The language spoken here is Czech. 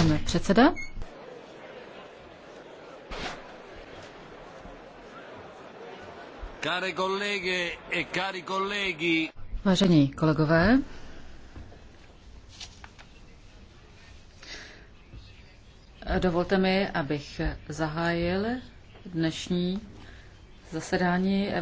Pan předseda. Care colleghe e cari Vážení kolegové, dovolte mi, abych zahájil dnešní zasedání Evropské